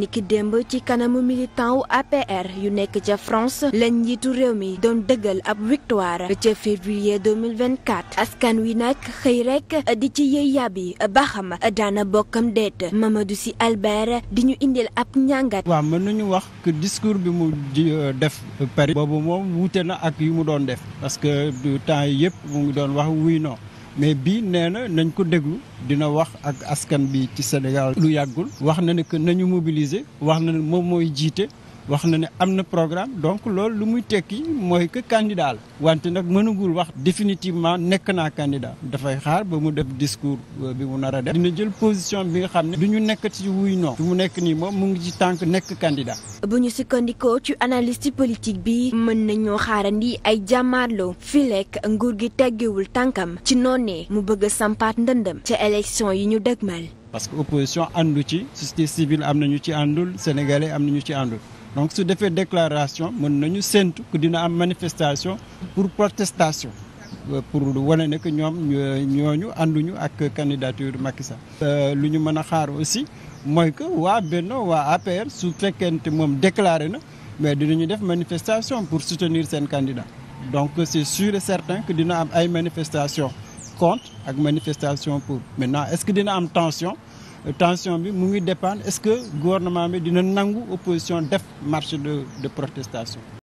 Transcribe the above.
niki démb ci kanamu militant wu APR yu nekk ca France lañ njiitu réew mi doon dëggal ab victoire ca février 2024 askan wi nag xëy rek di ci yëy yàbbi ba xam daana bokkam déet Mamadou Sy Albert di ñu indil ab njàngat. waaw mën nañu wax que discours bi mu euh, def Paris. boobu moom wuute na ak yu mu doon def parce que du temps yëpp mu ngi doon wax wuy noo mais bii nee na nañ ko déglu dina wax ak askan bi ci Sénégal lu yàggul wax na ne que nañu mobiliser wax na ne moom mooy jiite wax na ne am na programme donc loolu lu muy tekki mooy que candidat la wante nag mënagul wax définitivement nekk naa candidat dafay xaar ba mu def discours euh, bi mu nar a def dina jël position bi nga xam ne du ñu nekk ci wuy non mu nekk nii moom mu ngi ci tànk nekk candidat bu ñu sukkandikoo ci analise ci politique bi mën nañoo xaarandi ay jàmmaarloo fileek nguur gi teggewul tànkam ci noonee mu bëgg a sampaat ndëndëm ca élection yi ñu dëgmal parce que opposition àndu ci société civile am na ñu ci àndul sénégalais am na ñu ci àndul donc su defee déclaration mën nañu séentu que dina am manifestation pour protestation euh, pour wane ne que ñoom ñooñu ànduñu ak candidature Macky Sall euh, lu ñu mën a xaar aussi mooy que waa Benno waa APR su fekkente moom déclaré na mais dina ñu def manifestation pour soutenir seen candidat donc c'est sûr e certain que dina am ay manifestation contre ak manifestation pour maintenant est-ce que dina am tension tension bi mu ngi dépendre est-ce que gouvernement bi dina nangu opposition def marche de de protestation